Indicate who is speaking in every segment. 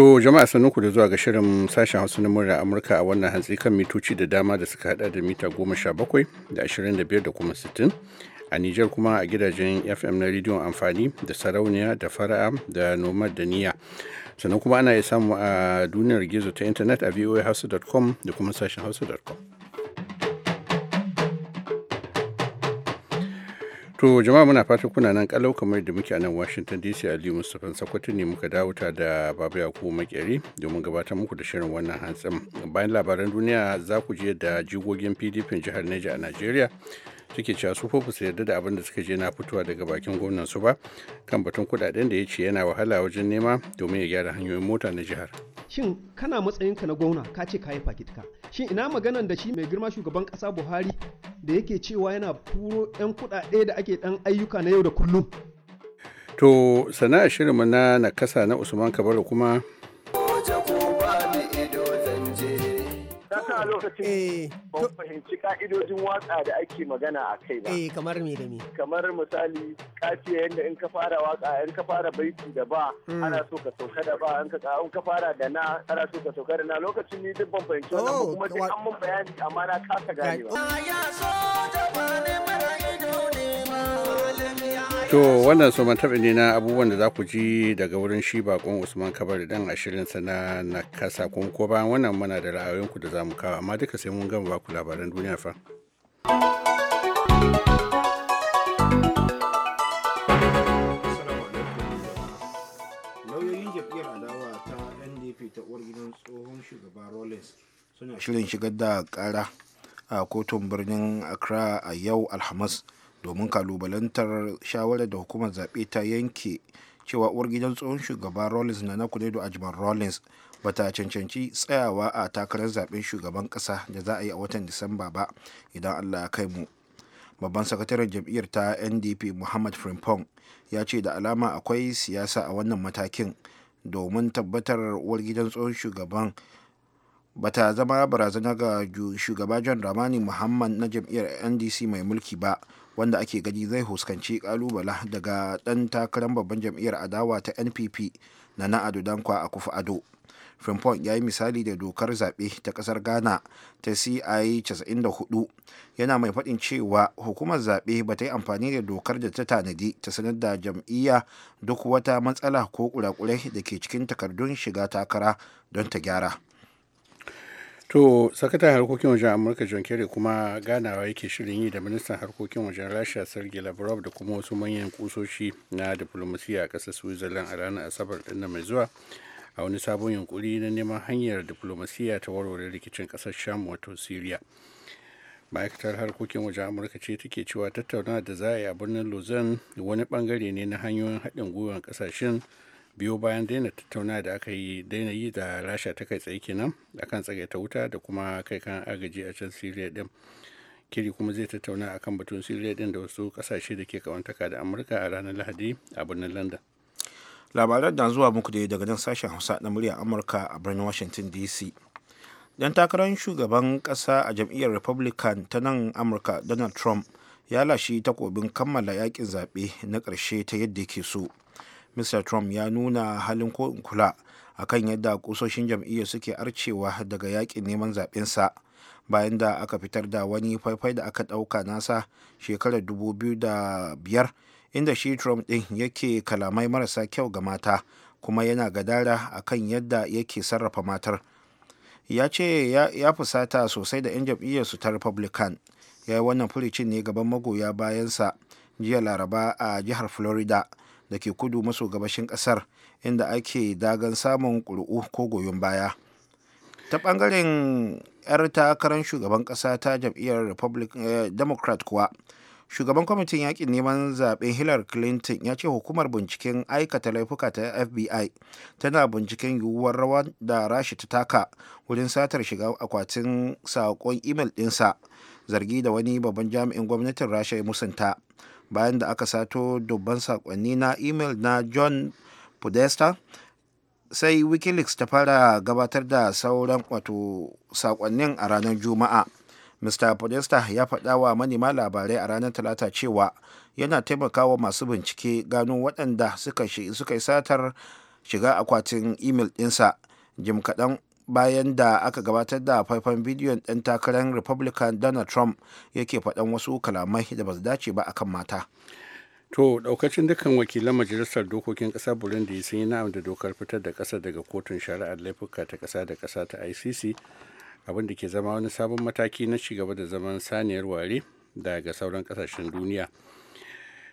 Speaker 1: To jama'a sannunku da zuwa ga shirin sashen hausa na murya Amurka a wannan hantsi kan mitoci da dama da suka hada da mita goma sha bakwai da ashirin da biyar da kuma sittin. A Nijar kuma a gidajen FM na rediyon amfani da sarauniya da fara'a da nomad da niyya. Sannan kuma ana iya samu a duniyar gizo ta intanet a voahausa.com da kuma sashen hausa.com. To jama'a muna fata kuna nan kalau kamar da muke a nan Washington DC Aliyu Mustapha Sakwato ne muka dawo ta da Babu Yakubu Makeri domin gabatar muku da shirin wannan hantsin. Bayan labaran duniya za ku je da jigogin PDP jihar Neja a Najeriya suke cewa su su yarda da abin da suka je na fitowa daga bakin gwamnan su ba kan batun kudaden da ya ce yana wahala wajen nema domin ya gyara hanyoyin mota na jihar
Speaker 2: shin kana matsayin ka na gwamna ka ce ka yi fakitka shin ina maganan da shi mai girma shugaban kasa buhari da yake cewa yana turo 'yan kudade da ake dan ayyuka na yau da kullum
Speaker 1: to sana'a shirinmu na nakasa na usman kabaru kuma
Speaker 3: a lokacin eh, ban fahimci ka'idojin watsa da ake magana a kai ba. Eh,
Speaker 4: kamar me da me?
Speaker 3: Kamar misali kafiya yadda in ka fara waka in ka fara baiti da ba hmm. ana so ka sauka da ba in ka in ka fara da na ana so ka sauka da na lokacin ni duk ban fahimci wannan oh, kuma sai an mun bayani amma na kasa ganewa. ba
Speaker 1: To wannan su taɓa ne na abubuwan da za ku ji daga wurin shi bakon Usman Kabar dan ashirin sana na kasa kun ko bayan wannan muna da ra'ayoyinku da za mu kawo amma duka sai mun gama ba ku labaran duniya fa.
Speaker 5: Lauyoyin adawa ta ta uwar tsohon shugaba suna shirin shigar da kara a kotun birnin Accra a yau Alhamis. domin kalubalantar shawarar da hukumar zaɓe ta yanke cewa uwar gidan tsohon shugaban rollins na da ajman rollins ba ta cancanci tsayawa a takarar zaɓen shugaban ƙasa da za a yi a watan disamba ba idan allah ya kai mu babban sakataren jam'iyyar ta ndp muhammad frimpong ya ce da alama akwai siyasa a wannan matakin domin tabbatar uwar gidan tsohon shugaban ba ta zama barazana ga shugaba john ramani muhammad na jam'iyyar ndc mai mulki ba wanda ake gani zai huskanci kalubala daga dan takarar babban jam'iyyar adawa ta npp na na dankwa a kufa ado frimpon ya yi misali da dokar zaɓe ta ƙasar ghana ta ci 94 yana mai faɗin cewa hukumar zaɓe ba ta yi amfani da dokar da ta tanadi ta sanar da jam'iyya duk wata matsala ko kurakurai da ke cikin takardun shiga takara don ta gyara
Speaker 1: To, sakataren harkokin wajen Amurka John Kerry kuma ganawa yake shirin yi da ministan harkokin wajen Rasha Sergei Lavrov da kuma wasu manyan kusoshi na diplomasiya a ƙasar Switzerland a ranar Asabar ɗin mai zuwa a wani sabon yunkuri na neman hanyar diplomasiya ta warware rikicin ƙasar Sham wato Syria. Ma'aikatar harkokin wajen Amurka ce take cewa tattaunawa da za a yi a birnin Lausanne wani bangare ne na hanyoyin haɗin gwiwar ƙasashen biyo bayan daina tattauna da aka yi daina yi da rasha ta kai tsaye kenan akan ta wuta da kuma kai kan agaji a can siriya din kiri kuma zai tattauna akan batun siriya din da wasu kasashe da ke kawantaka da amurka a ranar lahadi a birnin london
Speaker 5: labaran da zuwa muku da daga nan sashen hausa na murya amurka a birnin washington dc dan takarar shugaban kasa a jam'iyyar republican ta nan amurka donald trump ya lashe takobin kammala yakin zaɓe na ƙarshe ta yadda ke so mr trump ya nuna halin ko in kula akan yadda kusoshin jam'iyyar suke arcewa daga yakin neman zaɓensa bayan da aka fitar da wani faifai da aka ɗauka nasa shekarar 2005 inda shi trump ɗin yake kalamai marasa kyau ga mata kuma yana gadara a kan yadda yake sarrafa matar ya ce ya fusata sosai da 'yan jam'iyyarsu ta republican ya yi wannan furicin ne gaban magoya bayansa jiya laraba a jihar florida da ke kudu maso gabashin kasar inda ake dagan samun ƙuri'u ko goyon baya ta ɓangaren 'yar takarar shugaban ƙasa ta jam'iyyar eh, democrat kuwa shugaban kwamitin yakin neman zaben hillary clinton ya ce hukumar binciken aikata laifuka ta fbi tana binciken yiwuwar rawa da rashi ta taka wurin satar shiga akwatin saƙon imel ɗinsa zargi da wani babban jami'in gwamnatin rasha ya musanta bayan da aka sato dubban sakonni na imel na john podesta sai wikileaks ta fara gabatar da sauran wato sakonnin a ranar juma'a mr podesta ya faɗa wa manema labarai a ranar talata cewa yana taimakawa masu bincike gano waɗanda suka yi satar shiga akwatin imel ɗinsa jim kaɗan bayan da aka gabatar da faifan bidiyon ɗan takarar republican donald trump yake faɗan wasu kalamai da ba su dace ba akan mata
Speaker 1: to daukacin dukkan wakilan majalisar dokokin ƙasar burundi sun yi na'am da dokar fitar da kasa daga kotun shari'ar laifuka ta kasa da kasa ta icc abin da ke zama wani sabon mataki na ci gaba da zaman saniyar ware daga sauran kasashen duniya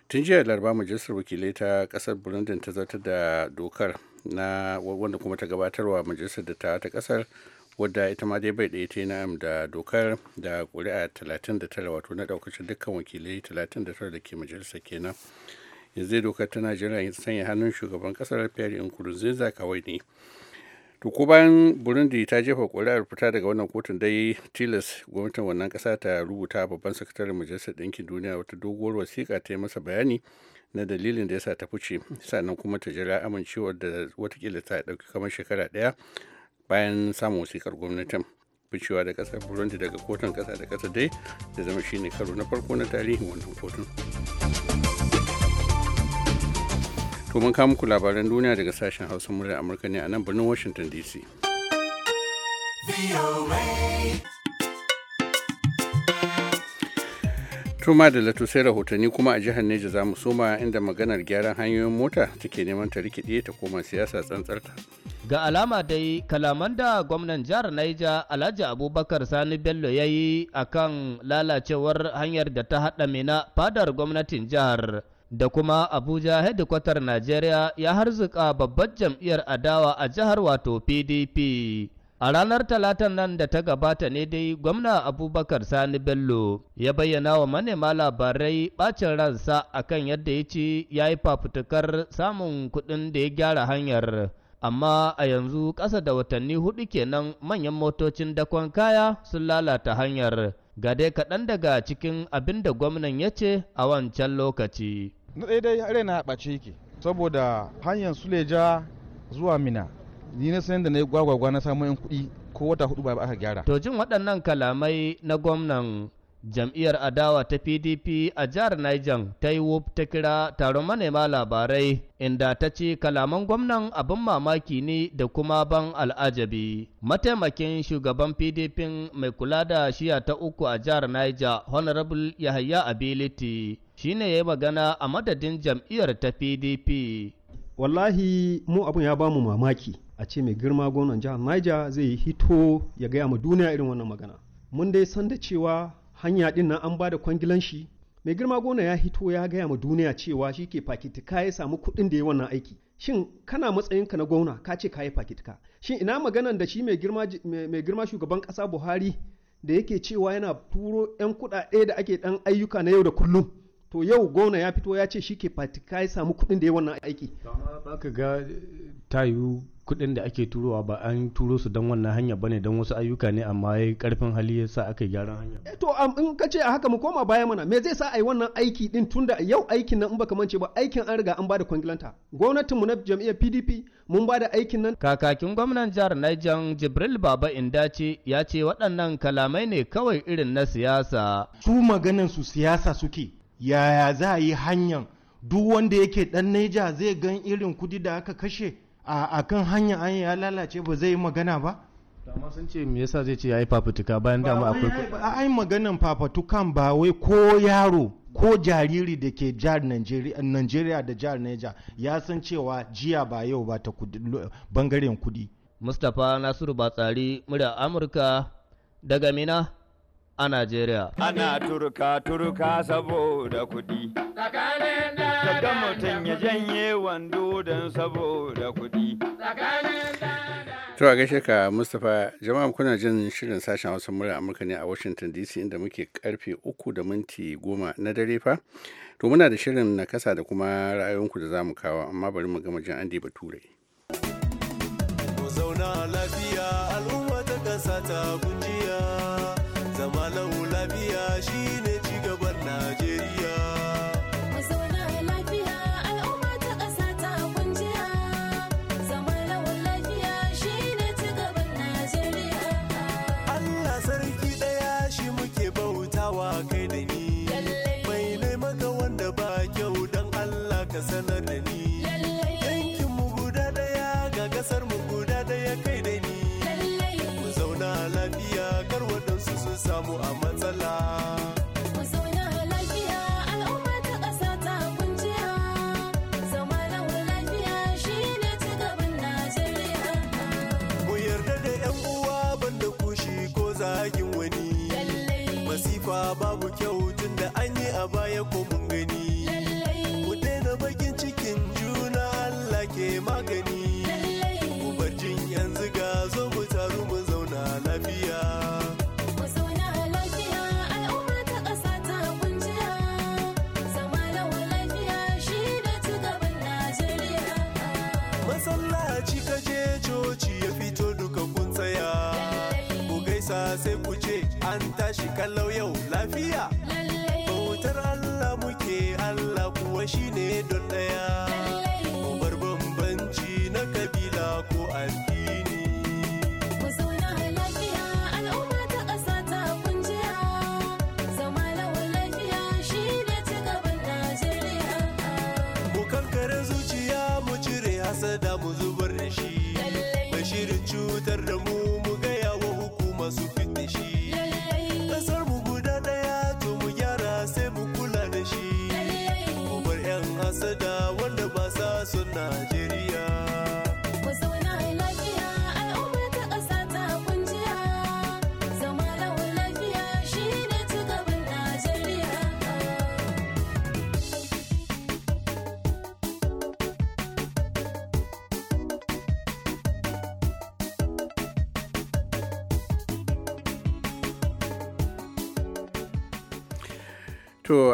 Speaker 1: tun jiya laraba majalisar wakilai ta kasar burundi ta zartar da dokar na wanda kuma ta gabatarwa majalisar da ta kasar wadda ita ma dai bai ɗaya ta na'am da dokar da ƙuri'a 39 wato na ɗaukacin dukkan wakilai 39 da ke majalisar kenan yanzu zai dokar ta najeriya sanya hannun shugaban kasar pierre nkurunziza kawai ne to ko bayan burundi ta jefa ƙuri'ar fita daga wannan kotun dai tilas gwamnatin wannan ƙasa ta rubuta babban sakataren majalisar ɗinkin duniya wata doguwar wasiƙa ta yi masa bayani na dalilin da ya sa ta fice sannan kuma ta jira amincewar da watakila ta ɗauki kamar shekara ɗaya bayan samun wasikar gwamnatin ficewa da ƙasar burundi daga kotun ƙasa da ƙasa dai da zama shine karo na farko na tarihin wannan kotun to mun kawo muku labaran duniya daga sashen hausa murya amurka ne a nan birnin washington dc ma da to sai rahotanni kuma a jihar neja za mu soma inda maganar gyaran hanyoyin mota take neman ta rikide ta koma siyasa tsantsarta
Speaker 6: ga alama dai kalaman da gwamnan jihar naija alhaji abubakar sani bello ya yi a kan lalacewar hanyar da ta haɗa mina fadar gwamnatin jihar da kuma abuja hedikwatar najeriya ya harzuka babbar jam'iyyar adawa a jihar wato pdp A ranar talatan nan da ta gabata ne dai gwamna Abubakar Sani Bello ya bayyana wa manema labarai ɓacin ransa a kan yadda ya ce ya yi fafutukar samun kuɗin da ya gyara hanyar. Amma a yanzu ƙasa da watanni hudu kenan manyan motocin dakon kaya sun lalata hanyar. Ga dai kaɗan daga cikin abin da gwamnan ya ce a wancan lokaci. Na ɗaya dai na ɓace yake saboda hanyar Suleja zuwa Mina ni na san da na yi gwagwagwa na samun 'yan kuɗi ko wata hudu ba aka gyara. To jin waɗannan kalamai na gwamnan jam'iyyar adawa ta PDP a jihar Niger ta yi wuf ta kira taron manema labarai inda ta ce kalaman gwamnan abin mamaki ne da kuma ban al'ajabi. Mataimakin shugaban PDP mai kula da shiya ta uku a jihar Niger Honorable Yahaya Ability shi ne ya yi magana a madadin jam'iyyar ta PDP.
Speaker 2: Wallahi mu abin ya bamu mamaki. a ce mai girma gwamnan jihar niger zai hito ya gaya ma duniya irin wannan magana mun dai san da cewa hanya din nan an bada kwangilan shi mai girma gona ya hito ya gaya ma duniya cewa shi ke fakitika ya samu kuɗin da ya wannan aiki shin kana matsayinka na gona ka ce ka yi fakitika shin ina maganan da shi mai girma shugaban ƙasa buhari da yake cewa yana turo 'yan kuɗaɗe da ake ɗan ayyuka na yau da kullum to yau gona ya fito ya ce shi ke fati ka ya samu kudin da ya wannan aiki
Speaker 6: ba ka ga eh, tayu kudin da ake turowa ba an turo su don wannan hanya ba ne don wasu ayyuka ne amma ya karfin hali ya sa aka gyaran hanya eh,
Speaker 2: to in ka ce a haka mu koma baya mana me zai sa a yi wannan aiki din tunda yau aikin nan in baka mance ba aikin an riga an bada kwangilanta
Speaker 6: gwamnatinmu na jam'iyyar pdp mun bada aikin nan kakakin gwamnan jihar Niger Jibril Baba inda ce ya ce waɗannan kalamai ne kawai irin na siyasa su maganan su siyasa
Speaker 2: suke yaya za a yi hanyar duk wanda yake dan neja zai gan irin kudi da aka kashe a kan hanya an ya lalace ba zai yi magana ba
Speaker 6: amma sun ce me yasa zai ce yayi fafutuka bayan dama akwai ai
Speaker 2: maganan fafatukan ba wai ko yaro ko jariri da ke jihar Najeriya da jihar Niger ya san cewa jiya ba yau ba ta bangaren kudi
Speaker 6: Mustapha Nasiru Batsari murya Amurka daga Mina a Najeriya.
Speaker 2: Ana turka turka saboda kuɗi. Daga mutum ya janye wando don saboda kuɗi.
Speaker 1: Tura gaishe ka Mustapha jama'a kuna jin shirin sashen Hausa murya Amurka ne a Washington DC inda muke karfe uku da minti goma na dare fa. To muna da shirin na kasa da kuma ra'ayoyinku da za mu kawo amma bari mu gama jin Andy Bature.
Speaker 7: Ku zauna lafiya al'umma ta kasa ta tashi kallau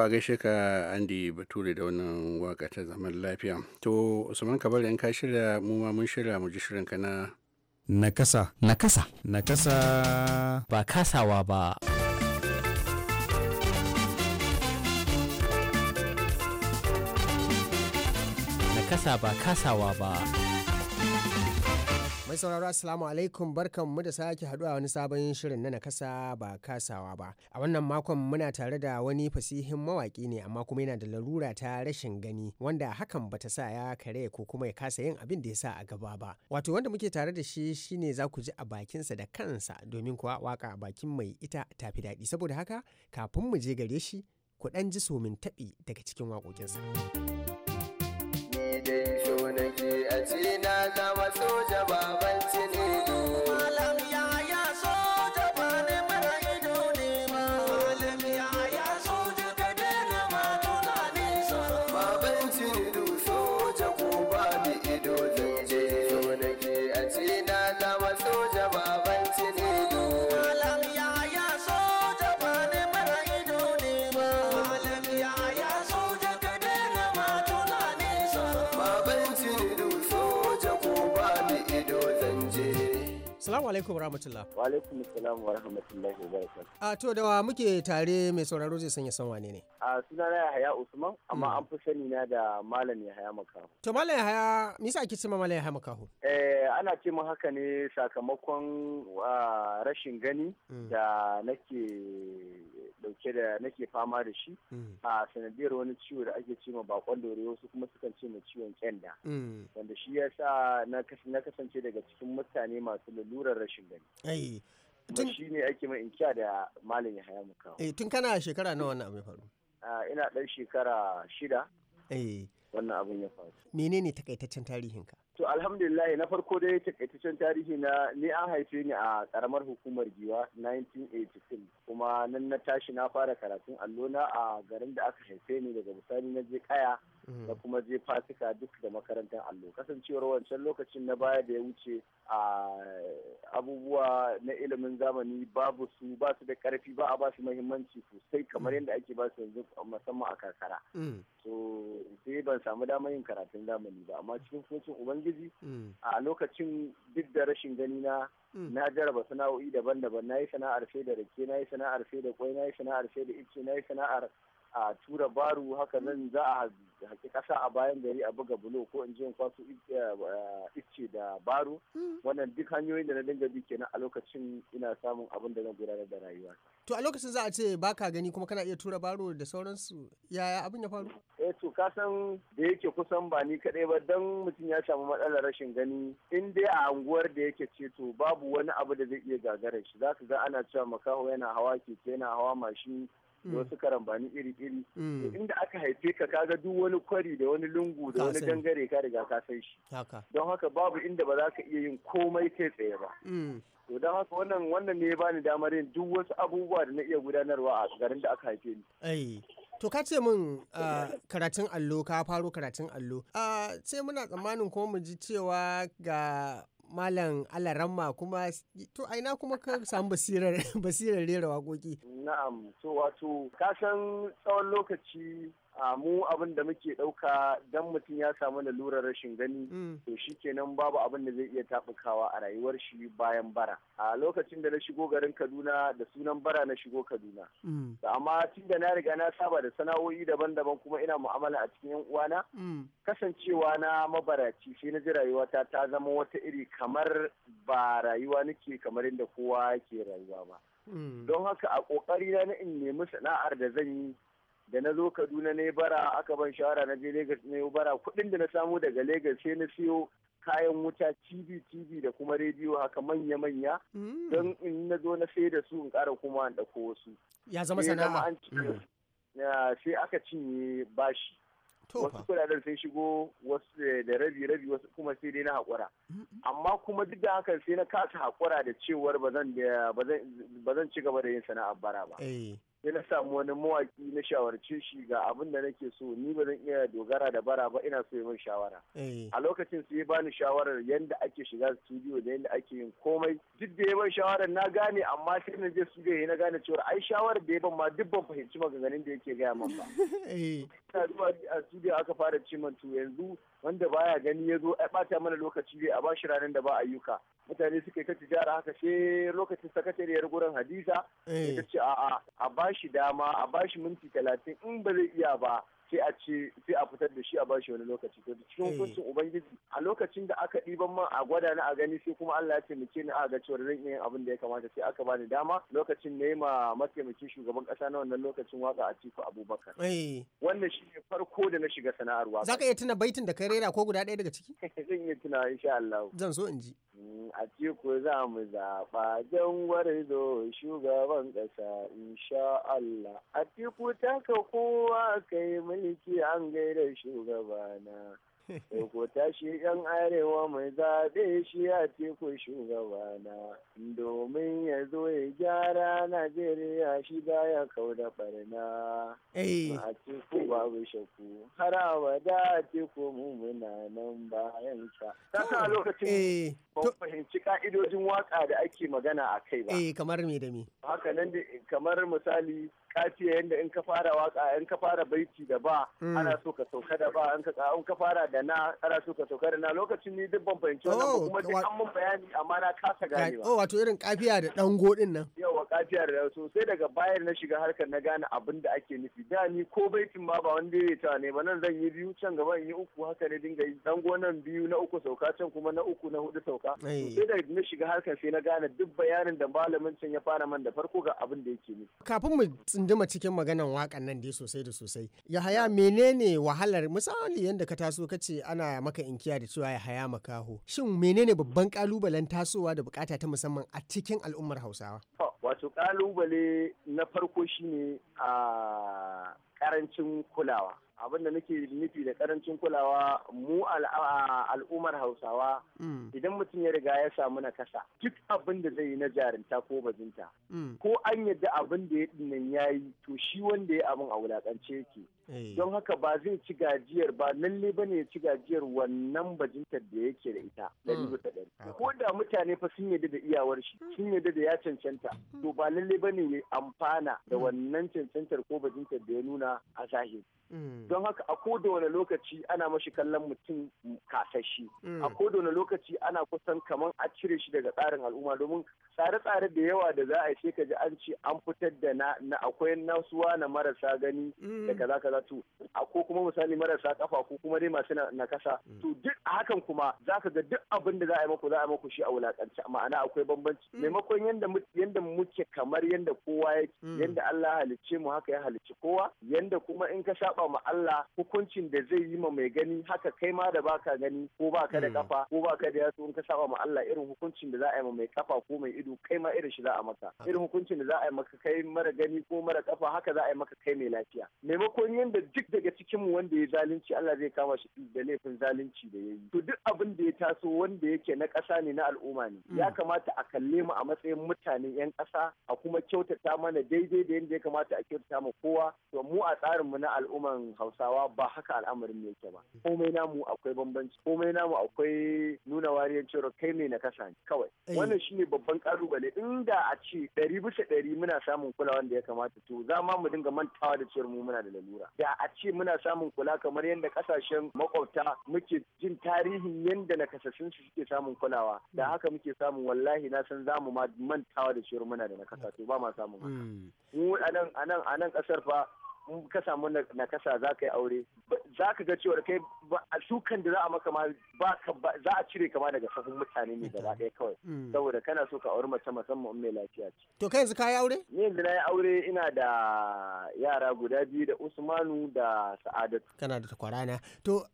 Speaker 1: a gaishe ka Andy Bature da wannan waka ta zaman lafiya. To Usman kabar in ka shirya mu ma mun shirya mu ji shirin ka na Nakasa. Nakasa. Nakasa. Ba kasawa ba.
Speaker 4: Nakasa ba kasawa ba. Mai sauraro Assalamu alaikum mu da sake haduwa wani sabon shirin na nakasa ba kasawa ba. A wannan makon muna tare da wani fasihin mawaki ne amma kuma yana da larura ta rashin gani wanda hakan bata sa ya kare ko kuma ya kasa yin abin da ya sa a gaba ba. Wato wanda muke tare da shi shine za ku ji a bakinsa da kansa domin kuwa waka a bakin mai ita tafi daɗi. Saboda haka kafin mu je gare shi ku ɗan ji somin taɓi daga cikin waƙoƙinsa. da baba alaikum rahmatullah. Wa alaikum salam wa rahmatullahi wa barakatuh. A to da wa muke tare mai sauraro zai sanya san wane ne? A suna
Speaker 3: na Yahaya Usman amma hmm. an fi sani na da Malam Yahaya Makaho.
Speaker 4: To Malam Yahaya me yasa ake cewa Malam Yahaya Makaho?
Speaker 3: Eh ana ce min haka ne sakamakon rashin gani hmm. da nake dauke da nake fama da shi hmm. a sanadiyar wani ciwo da ake ce ma bakon dore wasu kuma sukan ce ma ciwon kenda Wanda shi yasa na kasance daga cikin mutane masu lalurar rashin gani eh, kuma shi ne ake mai inkiya da malam ya haya muka eh
Speaker 4: tun kana shekara nawa wannan abin ya
Speaker 3: faru ina dan shekara shida eh wannan abun ya faru
Speaker 4: menene takaitaccen tarihin ka
Speaker 3: to alhamdulillah na farko dai takaitaccen tarihi na ni an haife ni a karamar hukumar giwa 1983 kuma nan na tashi na fara karatun allona a garin da aka haife ni daga misali na je kaya Mm. da kuma je fasika duk da makarantar allo kasancewar wancan lokacin na baya da ya wuce a abubuwa na ilimin zamani babu su ba su da karfi ba a ba su mahimmanci sosai kamar mm. yadda ake ba su yanzu musamman a karkara mm. so sai ban samu damar yin karatun zamani ba amma cikin suncin ubangiji a lokacin duk da rashin gani na na jaraba sana'o'i daban-daban na yi sana'ar sai da rake na yi sana'ar sai da kwai na yi sana'ar sai da ice na yi sana'ar a tura baru haka nan za a haƙi ƙasa a bayan gari a buga bulo ko in ji kwaso eh, eh, icce da baro hmm. wannan duk hanyoyin da na dinga bi kenan a lokacin ina samun abin da zan gudanar da rayuwa
Speaker 4: to a lokacin za a ce baka gani kuma kana iya tura baro da sauransu yaya abin ya faru
Speaker 3: eh to ka san da yake kusan ba ni kaɗai ba dan mutum ya samu matsalar rashin gani in dai a anguwar da yake ce to babu wani abu da zai iya gagarar shi zaka ga ana cewa makaho yana hawa keke yana hawa mashin da mm. wasu karambani iri-iri mm. inda aka haife ka kaga duk wani kwari da wani lungu da wani dangare ka riga ka san shi don haka babu inda ba za ka iya yin komai kai tsaye ba mm. to don haka wannan wannan ne ya bani damar yin duk wasu abubuwa da na iya gudanarwa a garin da aka haife
Speaker 4: ni To ka ce min ah, karatun allo ka faro karatun allo. Ah, sai muna tsammanin ko mu ji cewa ga Malam Alaramma kuma to ina kuma ka samu basirar basirar rera waƙoƙi.
Speaker 3: Na'am, to wato kasan tsawon lokaci a mu abin da muke ɗauka dan mutum ya samu lalurar rashin gani mm. to shi kenan babu abin da zai iya taɓukawa a rayuwar shi bayan bara a lokacin da na shigo garin kaduna da sunan bara na shigo kaduna mm. amma tun da na riga na saba da sana'o'i daban-daban kuma ina mu'amala a cikin 'yan uwana mm. kasancewa na mabaraci sai na ji rayuwata ta zama wata iri kamar ba rayuwa nake kamar yadda kowa ke rayuwa ba don haka a ƙoƙarina na in nemi sana'ar da zan yi da na zo kaduna ne bara aka ban shawara na je lagos ne bara kuɗin da na samu daga legas sai na siyo kayan wuta tv tv da kuma rediyo haka manya manya mm. don in na zo na sai da su in ƙara kuma an ɗauko wasu ya zama sana'a mm. sai aka cinye bashi wasu kudaden sai shigo wasu da rabi rabi wasu kuma sai dai na hakura amma kuma duk da hakan sai na kasa hakura da cewar ba zan ci gaba da yin sana'ar bara ba eh. sai na samu wani mawaki na shawarci shi ga abin da nake so ni ba zan iya dogara da bara ba ina so yin shawara eh. a lokacin su ya bani shawarar yanda ake shiga studio da yanda ake yin komai duk da ya shawarar na gane amma sai na je studio na gane cewa ai shawarar da ban ma duk ban fahimci maganganun da yake gaya min ba eh. ina zuwa a studio aka fara ci man to yanzu wanda baya gani ya zo a bata mana lokaci dai a shi ranar da ba ayyuka mutane suke ta tijara haka sai lokacin sakatariyar gurin hadisa eh. ta ce a'a a bashi dama a bashi minti talatin in ba zai iya ba sai a ce sai a fitar da shi a bashi wani lokaci to cikin eh. hukuncin ubangiji a lokacin da aka ɗiban man a gwada na a gani sai kuma Allah ya taimake ni a ga cewa zan iya yin abin da ya kamata sai aka bani dama lokacin ne ma mataimakin shugaban kasa na wannan lokacin waka a Atiku Abubakar eh. wannan shi ne farko da na shiga sana'ar waka zaka iya
Speaker 4: tuna baitin da ka rera ko guda ɗaya daga ciki zan iya
Speaker 3: tuna insha Allah zan so in ji Mm, a ciku za mu zaɓa don warzo shugaban ƙasa insha Allah. A ciku taka kowa kai mulki an gaida shugabana. in ku tashi yan arewa mai zaɓe shi ya teku shugabana domin ya zo ya gyara najeriya shi da ya kau da barna a teku babu shaku har abada a teku mu muna nan bayan sa ta lokacin ban fahimci ka'idojin waka da ake magana a kai ba eh
Speaker 4: kamar me da me
Speaker 3: haka nan kamar misali kafiya yadda in ka fara waka in ka fara baiti da ba mm. ana so ka sauka da ba in ka in ka fara da na ana so ka sauka da na lokacin ni duk ban fahimci wannan oh, kuma duk an mun bayani amma na kasa ganewa oh
Speaker 4: wato irin kafiya da dango din nan
Speaker 3: yawa kafiya da sosai daga bayan na shiga harkar na gane abin da ake nufi da ni ko baitin ma ba wanda ya ta ne ba nan zan yi biyu can gaba yi uku haka ne dinga yi dango nan biyu na uku sauka can kuma na uku na hudu sauka sai daga na shiga harkar sai na gane duk bayanin da malamin can ya fara man da farko ga abin da yake nufi
Speaker 4: kafin mu tunduma cikin maganan wakan nan dai sosai da sosai yahaya menene wahalar misali yadda ka taso ka ce ana maka inkiya da cewa yahaya makaho shin menene babban kalubalen tasowa da bukata ta musamman a cikin al'ummar hausawa
Speaker 3: wato kalubale na farko shine a ah, karancin kulawa abin da nake nufi da karancin kulawa mu al'ummar hausawa mm. idan mutum ya riga ya samu na kasa duk abin da zai yi na jarinta ko bazinta mm. ko an yadda abin da ya dinnan ya yi to shi wanda ya abin a wulakance yake Eh. don haka ba zai ci gajiyar ba lalle ba ne ya ci gajiyar wannan bajintar da yake da ita hmm. ko da mutane fa sun yadda da iyawar shi hmm. sun yadda da ya cancanta hmm. to ba lalle ba ne ya amfana da wannan cancantar ko bajintar da ya nuna a zahiri don haka a koda wani lokaci ana mashi kallon mutum kasashi a koda wani lokaci ana kusan kamar a cire shi daga tsarin al'umma domin tsare-tsare da yawa da za a yi ka ji an ce an fitar da na akwai nasuwa na marasa gani mm. da kaza kaza to ko kuma misali marasa kafa ko kuma dai masu na kasa mm. to duk a hakan kuma za ka ga duk abin da za a yi maku za a yi maku shi a wulakance ma'ana akwai bambanci mm. maimakon yanda yanda muke kamar yanda kowa yake yanda Allah ya halicce mu haka ya halicci kowa yanda kuma in ka saba ma Allah hukuncin da zai yi ma mai gani haka kai ma da baka gani ko baka da kafa ko baka da yatsu in ka saba ma Allah irin hukuncin da za a yi ma mai kafa ko mai ido kai ma irin shi za a maka irin hukuncin da za a yi maka kai mara gani ko mara kafa haka za a yi maka kai mai lafiya maimakon yadda duk daga cikin mu wanda ya zalunci Allah zai kama shi da laifin zalunci da yayi to duk abin da ya taso wanda yake na ƙasa ne na al'umma ne mm. ya kamata a kalle mu a matsayin mutanen yan ƙasa a kuma kyautata mana daidai da yadda ya kamata a kyautata ma kowa to mu a tsarin mu na al'umman Hausawa ba haka al'amarin ne yake ba komai namu akwai bambanci komai namu akwai nuna wariyar cewa kai mai na kasa ne kawai eh. wannan shine babban kalubale da a ce ɗari bisa ɗari muna samun kulawan da ya kamata to za ma mu dinga mantawa da cewar mu muna da lalura da a ce muna samun kula kamar yadda kasashen makwabta muke jin tarihin yadda kasashen su suke samun kulawa da hmm. haka muke samun wallahi na san za ma mantawa da cewar muna da nakasa to ba ma samun haka hmm. mu a nan a nan a nan kasar fa ka samu kasa za ka yi aure za ka ga cewar kai a sukan da za a maka ba za a cire kama daga sahun mutane ne gaba ɗaya kawai mm. Mm. saboda kana so ka auri mace musamman mai lafiya ce
Speaker 4: to kai yanzu ka yi aure ni yanzu na yi aure
Speaker 3: ina da yara guda biyu da Usmanu
Speaker 4: da Sa'adatu kana da takwarana to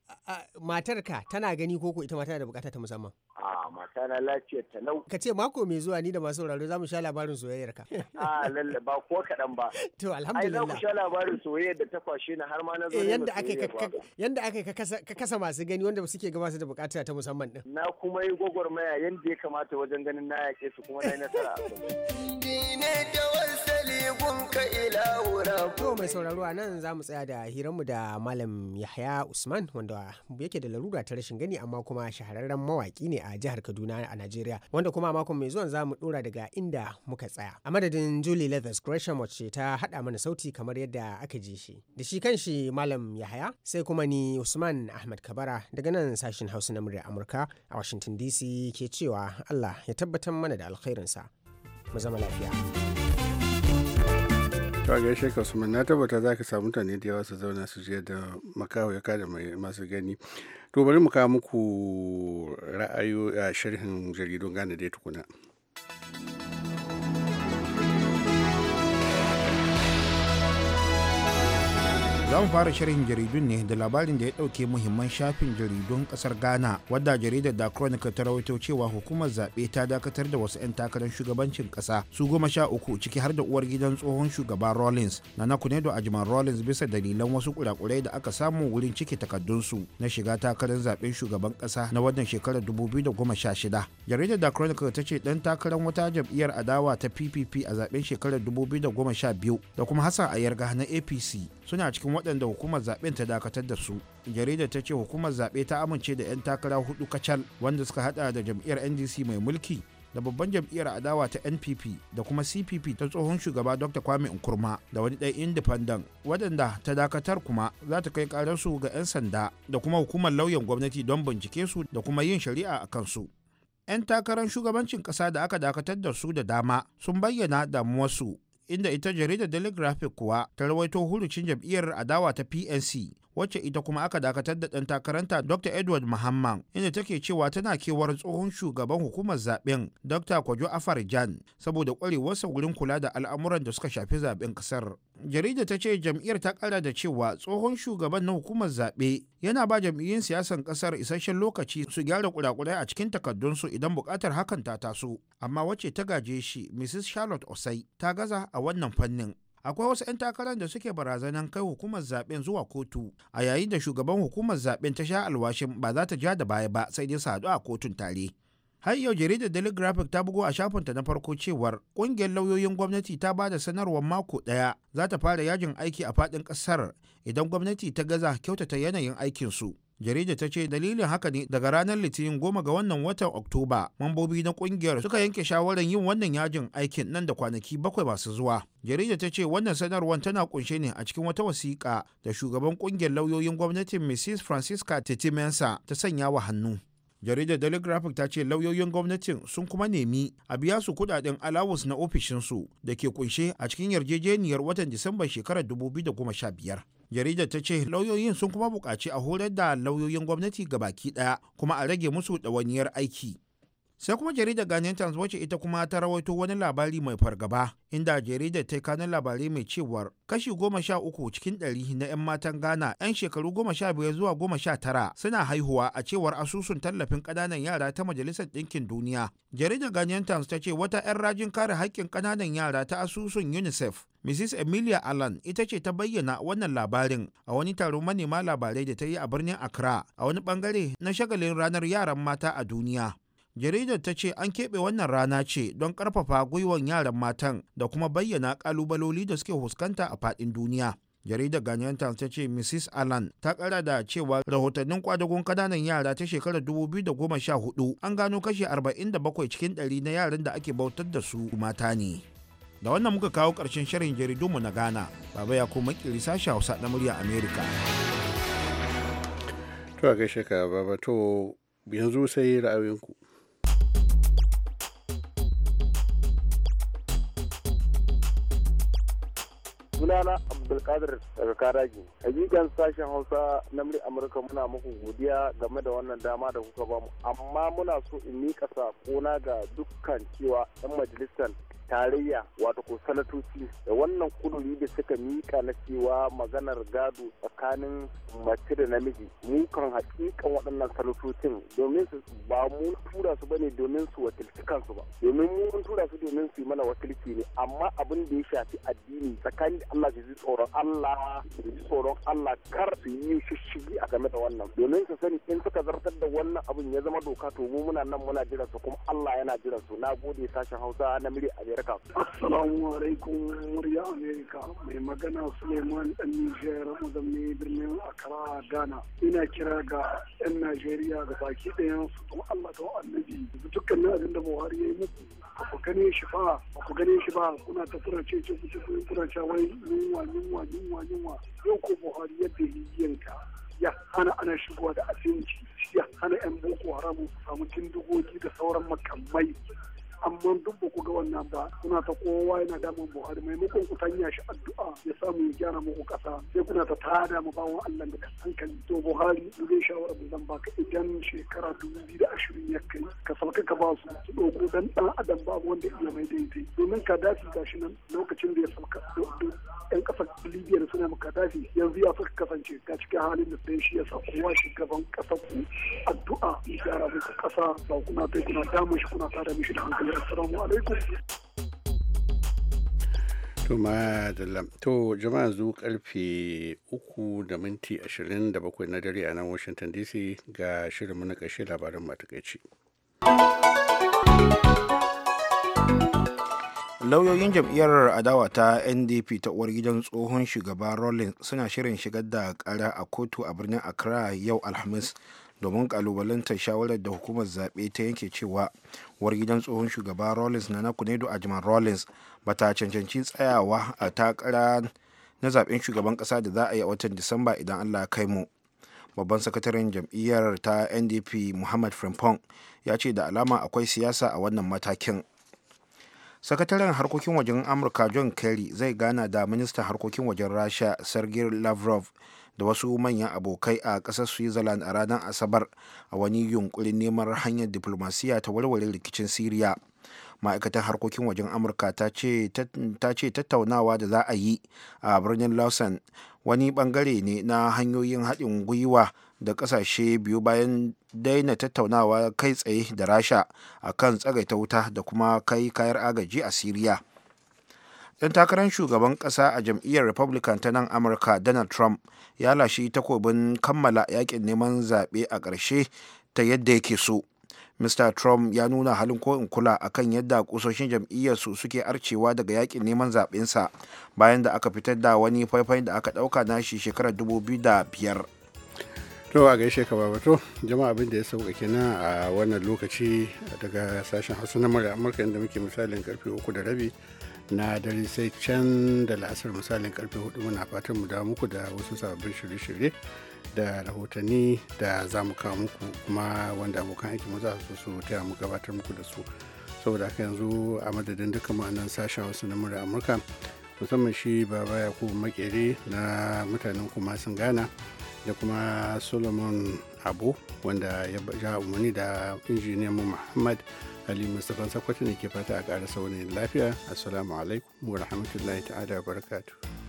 Speaker 4: ka tana gani koko ita ma tana da bukata ta musamman a mata na lafiyar ta ka ce mako mai zuwa ni da masu sauraro za mu sha labarin soyayyar ka
Speaker 3: a lalle ba ko kaɗan ba to alhamdulillah ai za mu sha labarin soyayya da ta kwashe na har ma na zo eh, yanda aka
Speaker 4: yanda aka ka kasa masu gani wanda suke gaba su da bukata ta musamman din
Speaker 3: na kuma yi gwagwarmaya yanda ya kamata wajen ganin na yake su kuma na nasara
Speaker 8: a gunka
Speaker 4: mai sauraro a nan za mu tsaya da hiranmu da malam yahya usman wanda yake da larura ta rashin gani amma kuma shahararren mawaki ne a jihar kaduna a najeriya wanda kuma makon mai zuwan za mu dora daga inda muka tsaya a madadin julie leathers gresham wacce ta haɗa mana sauti kamar yadda aka ji shi da shi kan shi malam yahya sai kuma ni usman ahmad kabara daga nan sashen hausa na muryar amurka a washington dc ke cewa allah ya tabbatar mana da alkhairinsa mu zama lafiya.
Speaker 1: ta gaishe ka su na tabbata za ka samu mutane da yawa su zauna su je da makaho ya kada mai masu gani to bari mu kawo muku ra'ayoyi a sharhin jaridun gane dai tukuna
Speaker 5: za mu fara sharhin jaridun ne da labarin da ya dauke muhimman shafin jaridun kasar ghana wadda jaridar da chronicle ta rawaito cewa hukumar zaɓe ta dakatar da wasu 'yan takarar shugabancin ƙasa su goma sha uku ciki har da uwar gidan tsohon shugaba rollins kune do ajiman rollins bisa dalilan wasu kurakurai da aka samu wurin cike takardunsu na shiga takarar zaɓen shugaban ƙasa na wannan shekarar shida jaridar da chronicle ta ce ɗan takarar wata jam'iyyar adawa ta ppp a zaɓen shekarar biyu da kuma hassan ayarga na apc suna cikin waɗanda hukumar zaɓen ta dakatar da su jaridar ta ce hukumar zaɓe ta amince da 'yan takara hudu kacal wanda suka hada da jam'iyyar ndc mai mulki da babban jam'iyyar adawa ta npp da kuma cpp ta tsohon shugaba dr kwame nkurma da wani ɗan independent waɗanda ta dakatar kuma za ta kai ƙararsu ga 'yan sanda da kuma hukumar lauyan gwamnati don bincike su da kuma yin shari'a a kansu 'yan takarar shugabancin ƙasa da aka dakatar da su da dama sun bayyana damuwarsu inda ita jaridar daily kuwa ta rawaito hurucin jam'iyyar adawa ta pnc wacce ita kuma aka dakatar da ɗan takaranta Dr. Edward Muhammad inda take cewa tana kewar tsohon shugaban hukumar zaɓen Dr. Kwajo Afarjan saboda ƙwarewarsa wurin kula da al'amuran da suka shafi zaɓen ƙasar. Jarida ta ce jam'iyyar ta ƙara da cewa tsohon shugaban na hukumar zaɓe yana ba jam'iyyun siyasan ƙasar isasshen lokaci su gyara kurakurai a cikin takardunsu idan buƙatar hakan ta taso. Amma wacce ta gaje shi Mrs. Charlotte Osai ta gaza a wannan fannin. akwai wasu 'yan takarar da suke barazanan kai hukumar zaben zuwa kotu a yayin da shugaban hukumar zaben ta sha alwashin ba za ta ja da baya ba sai dai su haɗu a kotun tare har yau jaridar daily graphic ta bugo a shafinta na farko cewar ƙungiyar lauyoyin gwamnati ta ba da sanarwar mako ɗaya za ta fara yajin aiki a faɗin ƙasar idan gwamnati ta gaza kyautata yanayin aikinsu jarida ta ce dalilin haka ne daga ranar litinin goma ga wannan watan oktoba mambobi na kungiyar suka yanke shawarar yin wannan yajin aikin nan da kwanaki bakwai masu zuwa jarida ta ce wannan sanarwar tana kunshe ne a cikin wata wasiƙa da shugaban kungiyar lauyoyin gwamnatin mrs francisca titimensa ta sanya wa hannu jaridar daily graphic ta ce lauyoyin gwamnatin sun kuma nemi a biya su kudaden alawus na ofishinsu da ke kunshe a cikin yarjejeniyar watan disamban shekarar 2015 jaridar ta ce lauyoyin sun kuma buƙaci a horar da lauyoyin gwamnati ga baki ɗaya kuma a rage musu ɗawainiyar aiki sai kuma jaridar ganin Times wacce ita kuma ta rawaito wani labari mai fargaba inda jaridar ta kanin labarai mai cewar kashi goma sha uku cikin ɗari na 'yan matan Ghana 'yan shekaru goma sha biyar zuwa goma sha tara suna haihuwa a cewar asusun tallafin ƙananan yara ta Majalisar Ɗinkin Duniya. Jaridar ganin Times ta ce wata 'yan rajin kare haƙƙin ƙananan yara ta asusun UNICEF Mrs. Emilia Allen ita ce ta bayyana wannan labarin a wani taron manema labarai da ta yi a birnin Accra a wani bangare na shagalin ranar yaran mata a duniya. jaridar ta ce an keɓe wannan rana ce don ƙarfafa gwiwan yaran matan da kuma bayyana ƙalubaloli da suke fuskanta a faɗin duniya jaridar Ghanaian Times ta ce Mrs. Allen ta ƙara da cewa rahotannin kwadagon kananan yara ta shekarar 2014 an gano kashi 47 cikin 100 na yaran da ake bautar da su mata ne. Da wannan muka kawo ƙarshen shirin mu na Ghana, Baba ya kuma kiri sashi Hausa na murya Amerika.
Speaker 1: To a gaishe Baba to yanzu sai ra'ayoyinku.
Speaker 3: sunana abdulkadir daga karagi hakikan sashen hausa na murya amurka muna muku godiya game da wannan dama da kuka bamu amma muna so in mika sakona ga dukkan cewa yan majalisar tarayya wato ko sanatoci da wannan kuduri da suka mika na cewa maganar gado tsakanin mace da namiji mu kan hakikan waɗannan sanatocin domin su ba mu tura su bane domin su wakilci kansu ba domin mu mun tura su domin su yi mana wakilci ne amma abin da ya shafi addini tsakanin Allah su ji tsoron Allah su ji tsoron Allah kar su yi shishigi a game da wannan domin su sani in suka zartar da wannan abin ya zama doka to mu muna nan muna jiran su kuma Allah yana jiran su na gode sashen Hausa na miri a barakatuh assalamu
Speaker 8: alaikum murya amerika mai magana suleiman dan nijar mazamni birnin akara ghana ina kira ga yan najeriya da baki ɗayan su don allah don annabi dukkanin abin da buhari ya yi muku ba ku gane shi ba ku gane shi ba kuna ta kuna ce ce kuce kuna cewa wai yunwa yunwa yunwa yunwa yau ko buhari ya bai yanka ya hana ana shigowa da abinci ya hana yan boko haram su samu kindigogi da sauran makamai amma duk ba ku ga wannan ba kuna ta kowa yana damun buhari maimakon ku tanya shi addu'a ya samu ya gyara muku kasa sai kuna ta tada mu wani allah da ka hankali to buhari zai shawara mu zan baka idan shekara dubu biyu da ashirin ya kai ka sauka ka ba su su ɗauko dan ɗan adam babu wanda iya mai daidai domin ka dafi gashi nan lokacin da ya sauka yan ƙasar libya da suna maka dafi yanzu ya suka kasance ga cikin halin da sai shi ya sa kowa shugaban ƙasar ku addu'a ya gyara muku ƙasa ba kuna ta kuna damun shi kuna tada mishi da hankali assalamu
Speaker 1: to jama'a zu karfe uku da minti ashirin da bakwai na dare a nan washington dc ga shirin ka shi labarin matakaici
Speaker 5: lauyoyin jam'iyyar adawa ta ndp ta uwar gidan tsohon shugaba rollins suna shirin shigar da kara a kotu a birnin accra yau alhamis domin kalubalantar shawarar da hukumar zaɓe ta yanke cewa war gidan tsohon shugaba rollins na nakunedo ajman rollins ba ta cancanci tsayawa a takara na zaɓen shugaban ƙasa da za a yi a watan disamba idan allah kai mu babban sakataren jam'iyyar ta ndp muhammad frimpong ya ce da alama akwai siyasa a wannan matakin sakataren harkokin wajen amurka john kerry zai gana da ministan harkokin wajen rasha sergei lavrov da wasu manyan abokai a ƙasar switzerland a ranar asabar a wani yunkurin neman hanyar diplomasiya ta warware rikicin syria ma'aikatan harkokin wajen amurka ta ce tattaunawa da za a yi a birnin lawson wani bangare ne na hanyoyin haɗin gwiwa da ƙasashe biyu bayan daina tattaunawa kai tsaye da rasha a kan tsagaita wuta da kuma kai kayar agaji a siriya dan takarar shugaban kasa a jam'iyyar republican ta nan amurka donald trump ya lashe takobin kammala yakin neman zaɓe a ƙarshe ta yadda yake so mr trump ya nuna halin koin in kula akan yadda kusoshin jam'iyyarsu suke arcewa daga yakin neman zaɓensa bayan da aka fitar da wani faifai da aka ɗauka na shi shekarar 2005 to a gaishe ka jama'a abin da ya sauka kenan a wannan
Speaker 1: lokaci daga sashen hausa na amurka inda muke misalin karfe uku da rabi na dare sai can da la'asar misalin karfe hudu muna fatan mu da muku da wasu sababbin shirye-shirye da rahotanni da za mu kawo muku kuma wanda abokan aiki mu za su so taya mu gabatar muku da su saboda haka yanzu a madadin duka ma'anan sashen wasu na murar amurka musamman shi baba yakubu makere na mutanen kuma sun gana da kuma solomon abu wanda ya ja umarni da injiniyan mu muhammad ali mustapha sakwati ne ke fata a ƙara saurin lafiya assalamu alaikum wa rahmatullahi ta'ala barakatuh.